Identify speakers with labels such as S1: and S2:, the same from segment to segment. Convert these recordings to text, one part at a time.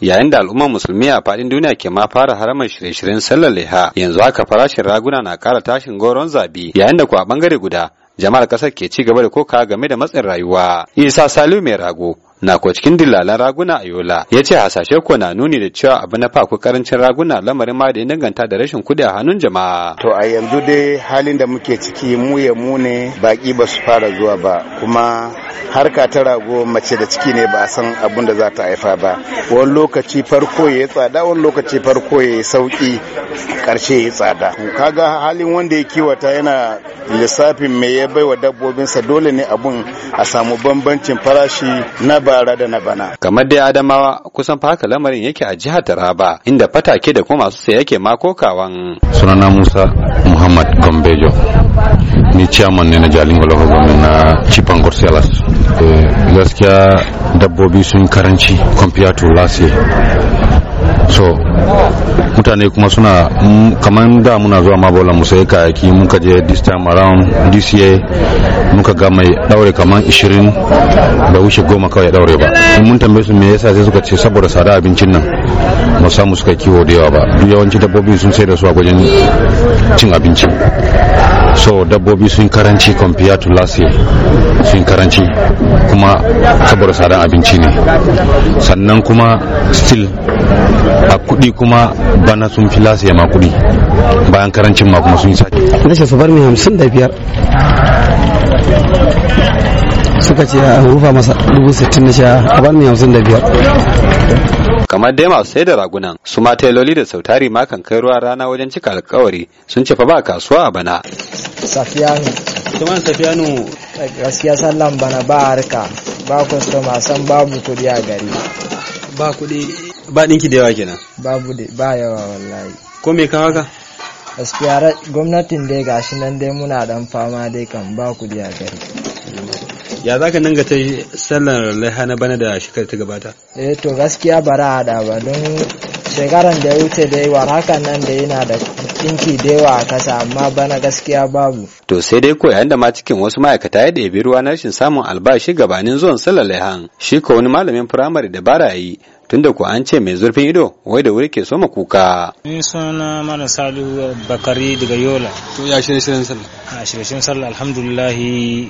S1: yayin
S2: da al'ummar musulmi a fadin duniya ke ma fara haramar shirye-shiryen sallar leha yanzu haka farashin raguna na kara tashin goron zabi yayin da ku a bangare guda jama'ar ƙasar ke ci gaba da koka game da matsin rayuwa isa saliu mai rago na ko cikin dillalan raguna a yola ya ce hasashe ko na nuni da cewa abu na faku karancin raguna lamarin ma da ya danganta da rashin kudi a hannun jama'a
S3: to a yanzu dai halin da muke ciki mu ya mu ne baki ba su fara zuwa ba kuma harka ta rago mace da ciki ne ba a san abun da za ta haifa ba wani lokaci farko ya yi tsada wani lokaci farko ya yi sauki karshe ya tsada kaga halin wanda ya kiwata yana lissafin me ya baiwa dabbobinsa dole ne abun a samu bambancin farashi na ba bara da na bana.
S2: Kamar dai Adamawa kusan fa haka lamarin yake a jihar Taraba inda fatake da kuma masu saye yake makokawan.
S4: Sunana Musa Muhammad Gombejo. Ni chairman ne na jalin Local na Chipan Gorsialas. Eh, gaskiya dabbobi sun karanci compared to last year. so mutane kuma suna kamar da muna zuwa mabola mu sai kayaki muka je this time around this year muka ga mai daure kamar ishirin da wuce goma kawai ya daure ba mun tambaye su me yasa sai suka ce saboda sada abincin nan ba samu suka kiwo da yawa ba duk yawanci dabbobi sun sai da su a wajen cin abinci so dabbobi sun karanci compared to last year sun karanci kuma saboda tsadan abinci ne sannan kuma still a kudi kuma bana sun fi last year ma kudi bayan karancin ma kuma sun yi sake
S2: rashin su bar mai hamsin da biyar suka ce a rufa masa dubu sittin na sha a bar mai hamsin da biyar kamar dai masu sai da ragunan su ma tailoli da sautari ma kan kai ruwa rana wajen cika alkawari sun ce fa ba kasuwa a bana
S1: safiyanu tuman safiyanu eh, gaskiya sallan bana ba harka ba kwastoma san babu kudi a gari ba kudi
S2: ba dinki da yawa kenan
S1: babu ba yawa wallahi ko me ka haka gaskiya gwamnatin dai gashi nan dai muna dan fama dai kan ba kudi a gari
S2: ya za ka dinga ta sallar laiha na bana da shekarar ta gabata
S1: eh to gaskiya bara hada ba don shekaran da ya wuce dai war hakan nan da yana da dinki da yawa a kasa amma bana gaskiya babu.
S2: To sai dai ko yayin da ma cikin wasu ma'aikata ya ɗebi ruwa na rashin samun albashi gabanin zuwan salalehan shi ko wani malamin firamare da bara yi tunda ku an ce mai zurfin ido wai da wuri ke soma kuka.
S5: Ni suna mana Salihu Bakari daga Yola. To ya shirye shirin sallah. a shirshin sallah alhamdulillah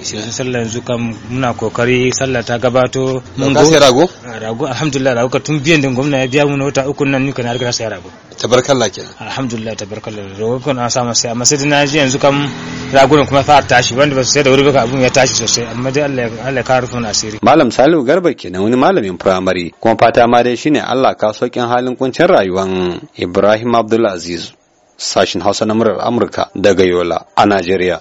S5: shirshin sallah yanzu kam muna kokari sallah ta gabato mun ga sai rago ah, rago alhamdulillah rago ka tun biyan din gwamna ya biya mu wata uku nan ni kana rigar sai rago tabarkallah ke alhamdulillah tabarkallah rago kun an samu sai amma sai na ji yanzu kam ne kuma fa tashi wanda ba su sai da wuri ba abun ya tashi sosai amma dai Allah Allah ka rufe asiri
S2: malam Salihu Garba kenan wani malamin firamare kuma fata ma dai shine Allah ka saukin halin kuncin rayuwar Ibrahim Abdul Aziz sashin Hausa na murar Amurka daga Yola a Najeriya.